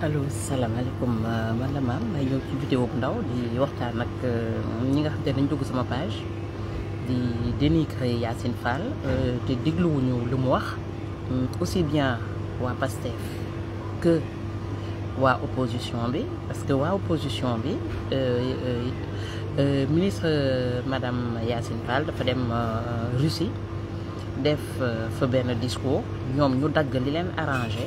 allo salam alaikum euh, madame, je suis vidéo euh, page Fall aussi bien à PASTEF que à opposition parce que à opposition euh, ministre madame Yacine Fall Russie def fait un discours nous avons arrangé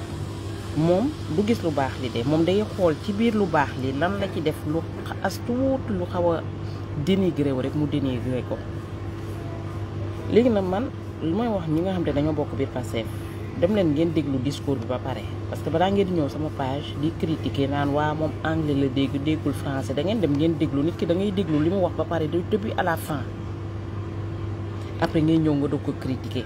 mom du gis lu li de Mom day ci bir lu bax li as lu rek mu dénigrer ko légui na man que wax ñi discours ba parce que je ngeen di sama page di critiquer nan wa mom anglais la dégg déggul français da ngeen dem ngeen da ngay à la fin après ngeen ñëw nga ko critiquer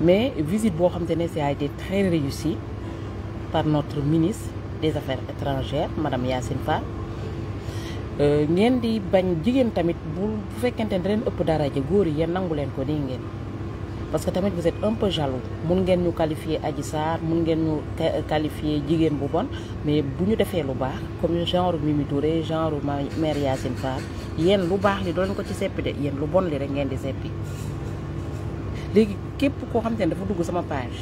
mais visite de a été très réussie par notre ministre des affaires étrangères madame Yacine Fall ñen euh, di bañ jigen tamit bu parce que vous êtes un peu jaloux mun ngeen ñu qualifier aji vous mun nous euh, qualifier bu bon mais de faire comme genre Mimi Touré genre mère Yacine Fall le lu baax li ko lu bon léegi képp koo xamante ne dafa dugg sama page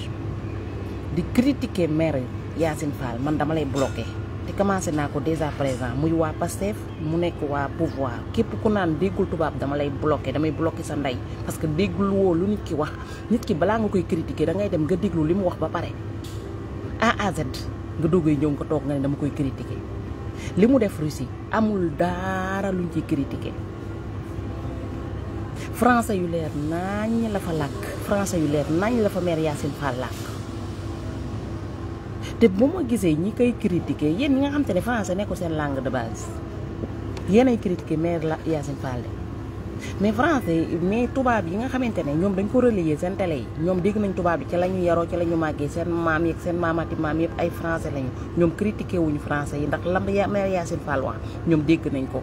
di critiquer maire Yacine Fall man dama lay bloqué te commencé naa ko dèjà présent muy waa Pastef mu nekk waa pouvoir képp ku naan déggul tubaab dama lay bloqué damay bloqué sa ndey parce que déggul woo lu nit ki wax nit ki balaa nga koy critiquer da ngay dem nga déglu li mu wax ba pare A à Z nga doogay ñëw nga toog nga ne dama koy critiquer li mu def russi amul daara luñ ciy critiquer français yu leer naññ la fa làkk français yu leer naññ la fa mère Yacine Fall làkk te bu ma gisee ñi koy critiquer yéen ñi nga xam te ne français nekku seen langue de base yéen ay critiquer mère Yacine Fall mais français mais tubaab yi nga xamante ne ñoom dañ ko relayer seen télé yi ñoom dégg nañ tubaab yi ci la ñu yaroo ci la ñu màggee seen maam yeeg seen maamaati maam yëpp ay français lañu ñoom critiquer wuñu français yi ndax lam mère Yacine Fall wax ñoom dégg nañ ko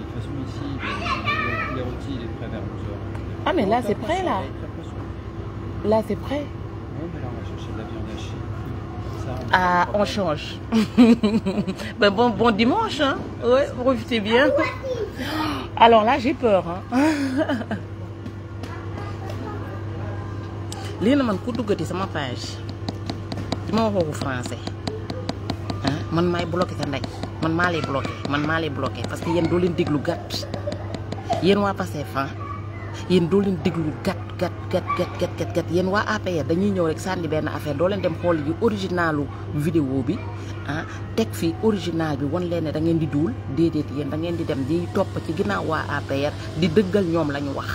façon, ici, les, les rôtis, il est prêt vers 11h. Ah, mais là, c'est prêt, là Là, c'est prêt Oui, mais là, on va chercher de la viande hachée. Ça, on ah, on change. ben bon, bon dimanche, hein Ouais, profitez bien. Alors là, j'ai peur, hein lii na man ku duggati sama page di ma waxooku français ah man maay bloqué sa ndey man ma lay bloqué man ma lay bloqué parce que yeen do leen diglu gat yeen wa passé ah yeen do leen diglu gat gat gat gat gat gat gat yeen wa APR dañuy ñew rek sandi ben affaire do leen dem xol yu originalu vidéo bi ah tek fi original bi won leen da ngeen di dul dedet yeen da ngeen di dem di top ci ginnaaw wa APR di dëggal ñom la wax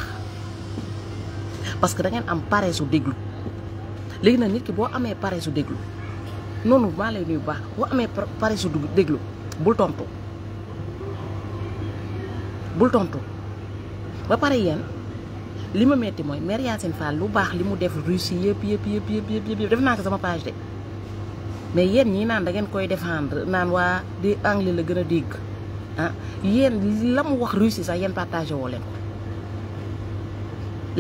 parce que da ngeen am paresse su déglu léegi nit ki bo amé paresse su déglu noonu maa lay nuy bu bo amé paresse bul tontu bul tontu ba pare yéen li ma metti mooy mère Yacine Fall lu baax li mu def Russie yëpp yëpp yëpp yëpp yëpp def naa ko sama page de mais yéen ñi naan da ngeen koy défendre naan waa di anglais la gën a dégg ah yéen la mu wax Russie sax yéen partagé woo leen ko.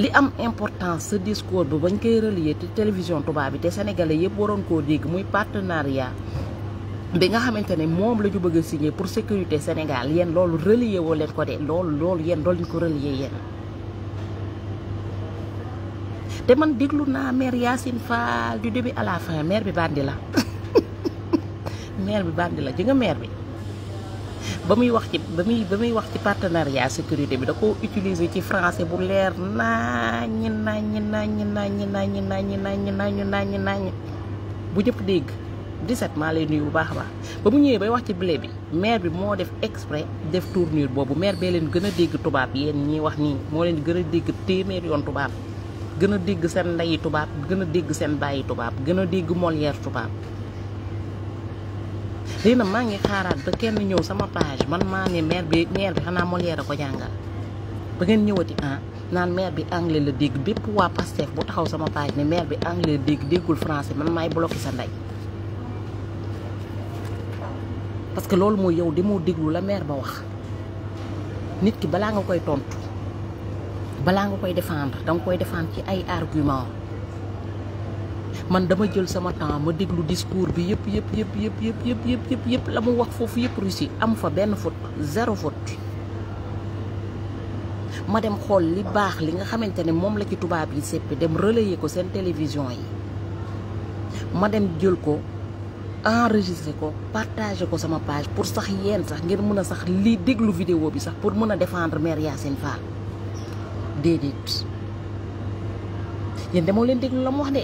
li am importance ce discours bi bañ koy relier te télévision tubaab bi te sénégalais yëpp waroon koo dégg muy partenariat bi nga xamantene mom lañu bëgg signer pour sécurité sénégal yeen loolu relier wo len ko dé loolu loolu yeen do len ko relier yeen té man déglu na mère Yassine Fall du début à la fin mère bi bandi la mère bi bandi la ji nga mère bi bamuy wax ci bamuy bamuy wax ci partenariat sécurité bi da ko utiliser ci français bu lèr na ñi na ñi na ñi na ñi na ñi na ñi na ñi na ñi na ñi bu ñepp dégg 17 maa lay nuyu bu baax a baax ba mu ñëwee bay wax ci blé bi maire bi moo def exprès def tournure boobu maire bee leen gën a dégg tubaab yéen ñiy wax nii moo leen gën a dégg téeméer yoon tubaab gën a dégg seen ndeyi tubaab gën a dégg seen bàyyi tubaab gën a dégg Molière tubaab. léegi nag maa ngi xaaraat ba kenn ñëw sama page man maa ne maire bi maire bi xanaa Molière a ko jàngal ba ngeen ñëwati ah naan maire bi anglais la dégg bépp waa Pastef bu taxaw sama page ne maire bi anglais dégg déggul français man maay bloqué sa ndey. parce que loolu mooy yow moo déglu la maire ba wax nit ki balaa nga koy tontu balaa nga koy défendre danga koy défendre ci ay argument man dama jël sama temps ma déglu discours bi yëpp yëpp yëpp yëpp yëpp yëpp yëpp yëpp yëpp la mu wax foofu yëpp Russie am fa benn faute zéro faute ma dem xool li baax li nga xamante ne moom la ci tubaab yi seppi dem relayer ko seen télévision yi ma dem jël ko enregistrer ko partager ko sama page pour sax yeen sax ngir mëna sax li déglu vidéo bi sax pour mëna défendre mère Yassine Fall dedit yeen demo len déglu lam wax de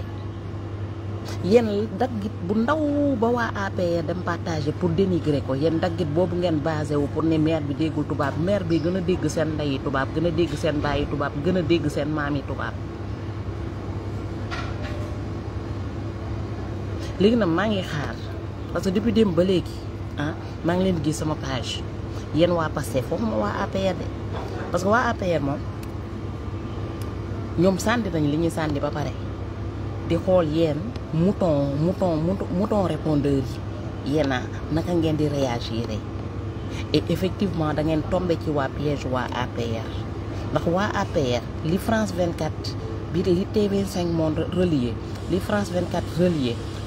yeen daggit bu ndaw ba wa APR dem partager pour dénigrer ko yeen daggit bobu ngeen basé wu pour né mère bi déggul tubab mère bi gëna dégg sen ndeyi tubab gëna dégg sen bàyyi tubab gëna dégg sen mami tubab léegi nag ngi xaar parce que depuis que ba suis ah maa ngi sur di sama page je suis Pastef waxuma waa APR parce que waa APR nous sommes sànni nañ li ñuy sànni ba pare di xool yéen mouton mouton mouton répondeur yi naka ngeen di réagir et effectivement da ngeen tombé ci wa piège wa APR ndax wa APR li France 24 bi li TV5 Monde relié li France 24 relié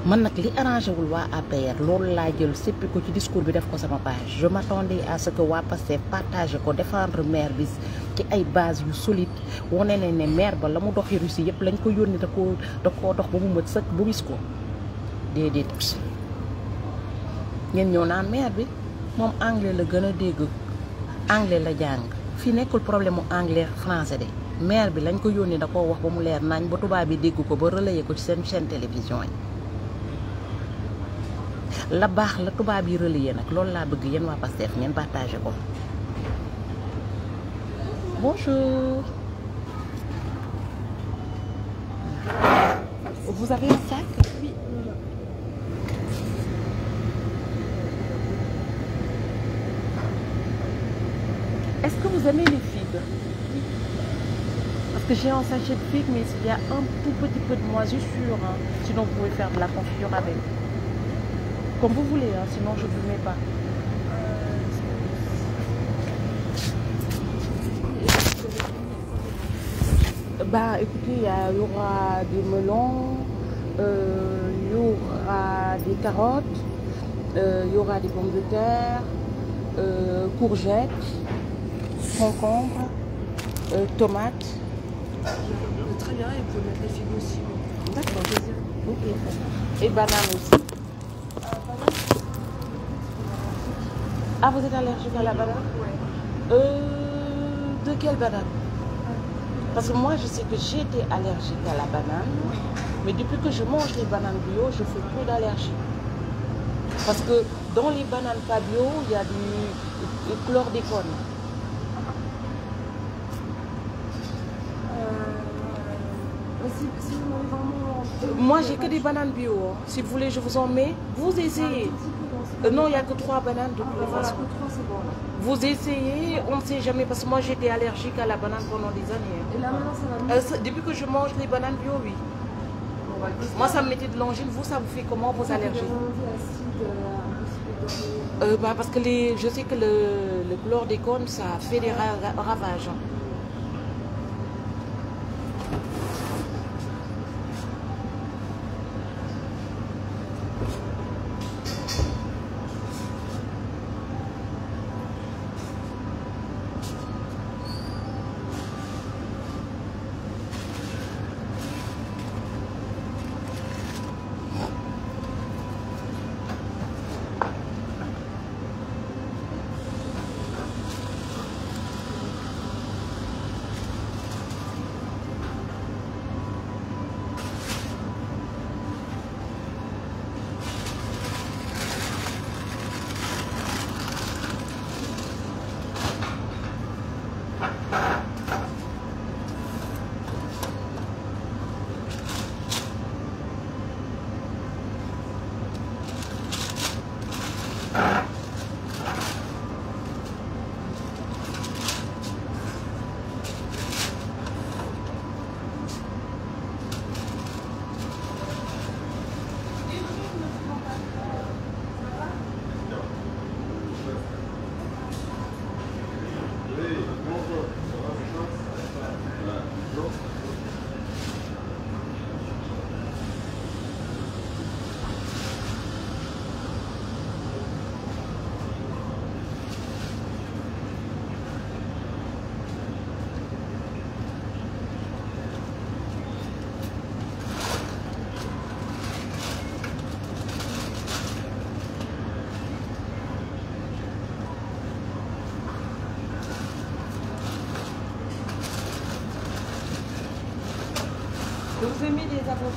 man nak li arrangé wul wa APR loolu la jël séppi ko ci discours bi def ko sama page je m'attendais à ce que wa passé partage ko défendre maire bi ci ay base yu solide woné né né maire ba lamu mu Russie yépp lañ ko yoni da ko da ko dox ba mu mët sëkk bu gis ko déedéet ngeen ñëw na maire bi mom anglais la gëna dégg anglais la jang fi nekkul problème anglais français dé maire bi lañ ko yoni da ko wax ba mu leer nañ ba tuba bi dégg ko ba relayé ko ci sen chaîne télévision yi la barre la yi bonjour vous avez un sac oui. est-ce que vous aimez les figues parce que j'ai un sachet de figues mais il y a un tout petit peu de moisissure hein. sinon vous pouvez faire de la confiture avec comme vous voulez, hein, sinon je ne vous mets pas. Bah écoutez, il y, aura des melons, il euh, y aura des carottes, il euh, y aura des pommes de terre, euh, courgettes, concombres, tomates. Très bien, et vous pouvez mettre les figues aussi. D'accord. Ok. Et bananes aussi. Ah, vous êtes allergique à la banane euh, de quelle banane Parce que moi, je sais que j'étais allergique à la banane, mais depuis que je mange les bananes bio, je fais plus d'allergie. Parce que dans les bananes pas bio, il y a du, chlordécone. Euh, moi, j'ai que des bananes bio. Hein. Si vous voulez, je vous en mets. Vous essayez. Euh, non, il n'y a que trois bananes ah, Vous essayez, on ne sait jamais, parce que moi j'étais allergique à la banane pendant des années. Hein. Et là maintenant euh, Depuis que je mange les bananes bio, oui. Bah, moi ça me mettait de l'angine, vous ça vous fait comment vos allergies euh, euh, bah, Parce que les, je sais que le, le chlordécone ça fait des ravages. Hein.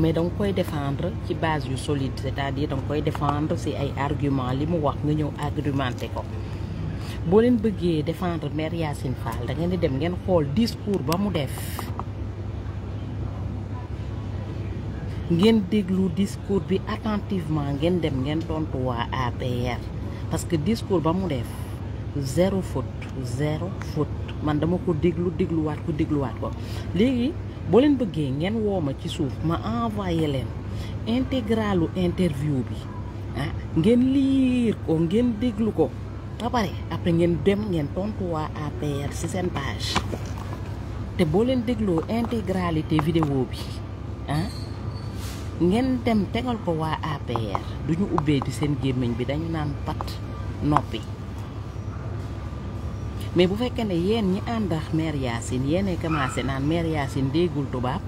mais donc quoi koy défendre ci base yu solide c'est-à-dire donc quoi koy défendre si ay argument les mots wax nga ñëw quoi ko boo leen défendre mère Yacine Fall da ngeen di dem ngeen discours ba mu def ngeen déglu discours bi attentivement ngeen dem ngeen tontu waa APR parce que discours ba mu def zéro faute zéro faute man dama ko déglu dégluwaat ko dégluwaat ko les boo leen bëggee ngeen woo ma ci suuf ma envoyé leen intégralu interview bi ah ngeen liir ko ngeen déglu ko ba pare après ngeen dem ngeen tontu waa APR ci seen page te boo leen dégloo intégralité vidéo bi ah, ngeen dem tegal ko waa APR du ñu ubbee di seen gémmiñ bi dañu naan pat noppi. mais bu fekkee ne yéen ñi ànd ak mère Yacine yéenay commencé naan mère Yacine déggul tubaab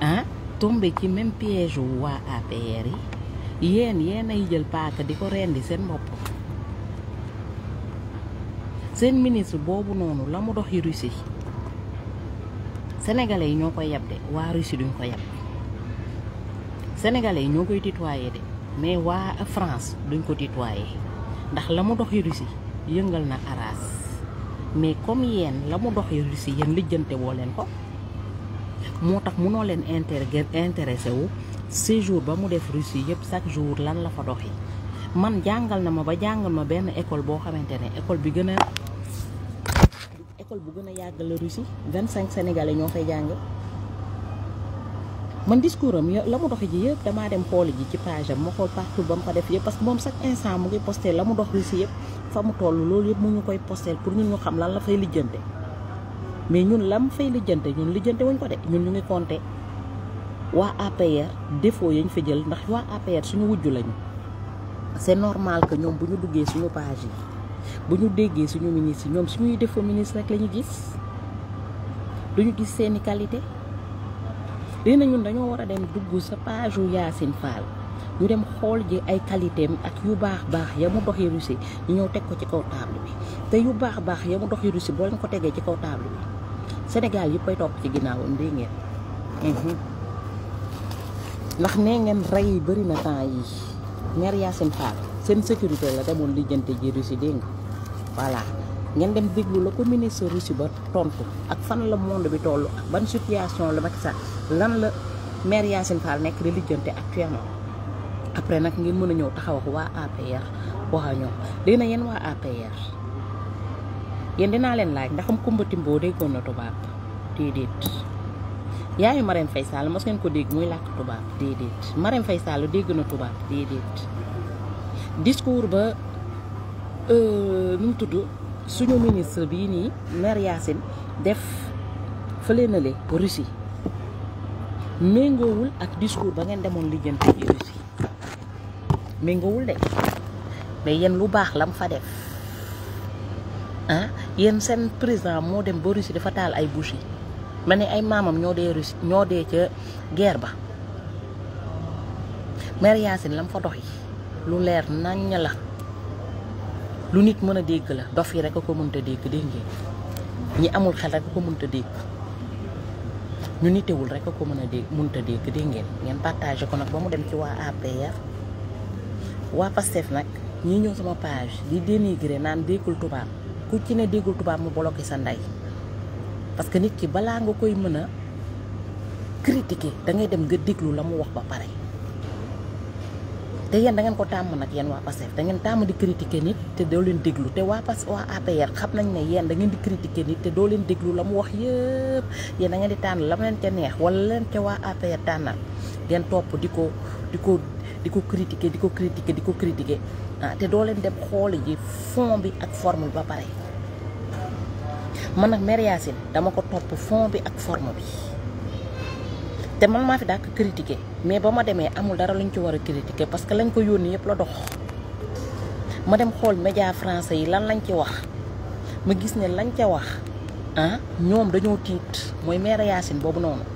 ah tombé ci même piège wu waa APR yi yéen yéenay jël paaka di ko rendi seen bopp seen ministre boobu noonu la mu doxi Russie sénégalais yi ñoo koy yab de waa Russie duñ ko yab sénégalais yi ñoo koy tutoyer de mais waa France duñ ko tutoyer ndax la mu doxi Russie yëngal na Araas mais comme yéen la mu dox lu si yéen lijjante woo leen ko moo tax munoo leen inter intéressé wu séjour ba mu def Russie yëpp chaque jour lan la fa doxi man jàngal na ma ba jàngal ma benn école boo xamante ne école bi gën a école bu gën a yàgg la Russie vingt cinq sénégalais ñoo fay jàng man discours am la mu dox ji yëpp damaa dem xooli ji ci page am ma xool partout mu ko def yëpp parce que moom chaque instant mu ngi posté la mu dox Russie yëpp fa mu toll loolu yëpp mu ñu koy posteel pour ñun ñu xam lan la fay lijjante mais ñun lam fay lijjante ñun lijjante wuñ ko de ñun ñu ngi compté waa APR défaut yañ fa jël ndax waa APR suñu wujju lañu c'est normal que ñoom bu ñu duggee suñu page yi bu ñu déggee suñu ministre ñoom suñuy défaut ministre rek la gis duñu gis seeni qualité dina ñun dañoo war a dem dugg sa page yu Yacine ñu dem xool ji ay qualité ak yu baax baax ya mu doxee Russie ñu ñëw teg ko ci kaw table bi te yu baax baax ya mu doxee Russie boo leen ko tegee ci kaw table bi Sénégal yëpp ay topp ci ginnaawam dégg ngeen mhm. ndax nee ngeen rey yi bëri na temps yi maire Yacine Fall seen sécurité la demoon lijjante ji Russie dégg nga voilà ngeen dem déglu la ko ministre Russie ba tontu ak fan la monde bi toll ak ban situation la Macky Sall lan la maire Yacine Fall nekk di lijjante actuellement. après nag ngeen mën a ñëw taxaw ak waa APR wax ñoom léegi nag waa waa APR yéen dinaa leen laaj ndax am Kumba Timbo déggoon na tubaab déedéet yaayu Marème fay Sall mos ngeen ko dégg muy làkk tubaab déedéet Marème fay Sall dégg na tubaab déedéet discours ba euh, nu mu tudd suñu ministre bii nii maire Yacine def fële na le Russie méngoowul ak discours ba ngeen demoon lijjanti méngoowul de mais yéen lu baax la mu fa def ah yéen seen président moo dem ba Russie dafa taal ay bougie ma ne ay maamam ñoo dee Russie ñoo dee ca guerre ba mère Yacine lam fa yi lu leer naññ la lu nit mën a dégg la dof yi rek a ko mënta dégg dégg ngeen ñi amul xel rek a ko mënta dégg ñu nitewul rek a ko mën a dégg mënta dégg dégg ngeen ngeen ko nag ba mu dem ci waa APR waa pastef nak ñi ñew sama page di dénigrer nan déggul tuba ku ci né dégul tuba mu bloqué sa nday parce que nit ki bala nga koy mëna critiquer da ngay dem nga déglu lamu wax ba paré te yeen da ngeen ko tam nak yeen wa Pastef da ngeen tam di critiquer nit te do leen déglu té wa Pastef wa APR xam nañ né yeen da ngeen di critiquer nit te do leen déglu lamu mu wax yépp yeen da ngeen di tan la leen ci neex wala leen ci wa APR tanal top diko diko di ko critiquer di ko critiquer di ko critiquer ah te doo leen dem xooli ji fond bi ak form bi ba pare man ak Mère dama ko topp fond bi ak forme bi te man maa fi dàq critiquer mais ba ma demee amul dara luñ ci war a critiquer parce que lañ ko yónni yëpp la dox ma dem xool média français yi lan lañ ci wax ma gis ne lañ ca wax ah ñoom dañoo tiit mooy Mère boobu noonu.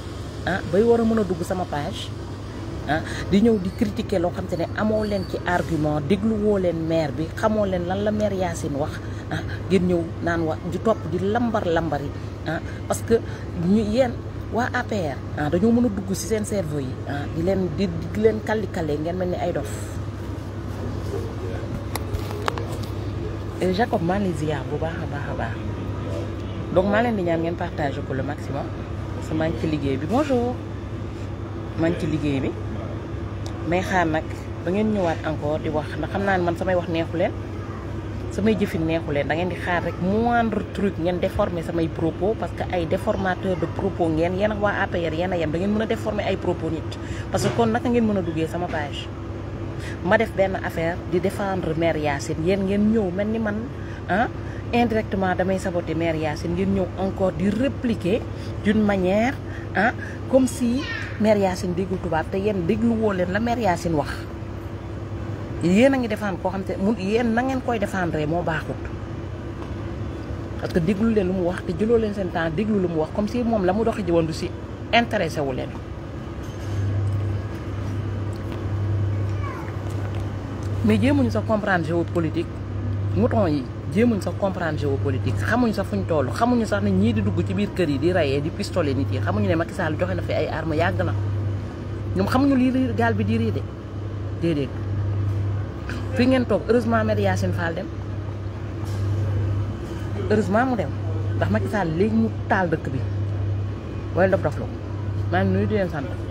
ah bay war a mën a dugg sama page ah, di ñëw di critiquer loo xam te ne amoo leen ci argument dégluwoo leen maire bi xamoo leen lan la meer maire seen wax ah ngeen ñëw naan wax di topp di lambar lambar yi ah, parce que ñu yéen waa APR ah, dañoo mën a dugg si seen cerveau yi ah di leen di di leen kalli ngeen mel ni ay dof. Jacob maa ngi lay bu baax a baax a baax donc maa leen di ñaan ngeen partage ko le maximum. que maa ngi ci liggéey bi bonjour maa ngi ci liggéey bi may xaar nag ba ngeen ñëwaat encore di wax ndax xam naa ne man samay wax neexu leen samay jëfin neexu leen da ngeen di xaar rek moindre truc ngeen déformer samay propos parce que ay déformateur de propos ngeen yéen ak waa APR yéen a yem da ngeen mën a déformer ay propos nit parce que kon naka ngeen mën a duggee sama page ma def benn affaire di défendre mère Yacine yéen ngeen ñëw mel ni man ah indirectement damay saboter mère Yacine ngir ñëw encore di répliquer d'une manière ah comme si mère Yacine déggul tubaab te yéen déglu leen la mère Yacine wax yéen a ngi défendre koo xam te mun yéen na ngeen koy défendre moo baaxut parce que déglu leen lu mu wax te jëloo leen seen temps déglu lu mu wax comme si moom la mu doxi ji woon du si intéressé wu leen mais jéemuñu sax comprendre géopolitique mouton yi jéemuñ sax comprendre géopolitique xamuñ sa fuñ toll xamuñu sax ne ñii di dugg ci biir kër yi di rayee di pistolet nit yi xamuñu ne Macky Sall joxe na fi ay armes yàgg na ñoom xamuñu lii gaal bi di rii de déedéet fi ngeen toog heureusement Maître Yacine Fall dem heureusement mu dem ndax ma Sall léegi mu taal dëkk bi wala dof dof la maa ngi nuyu di leen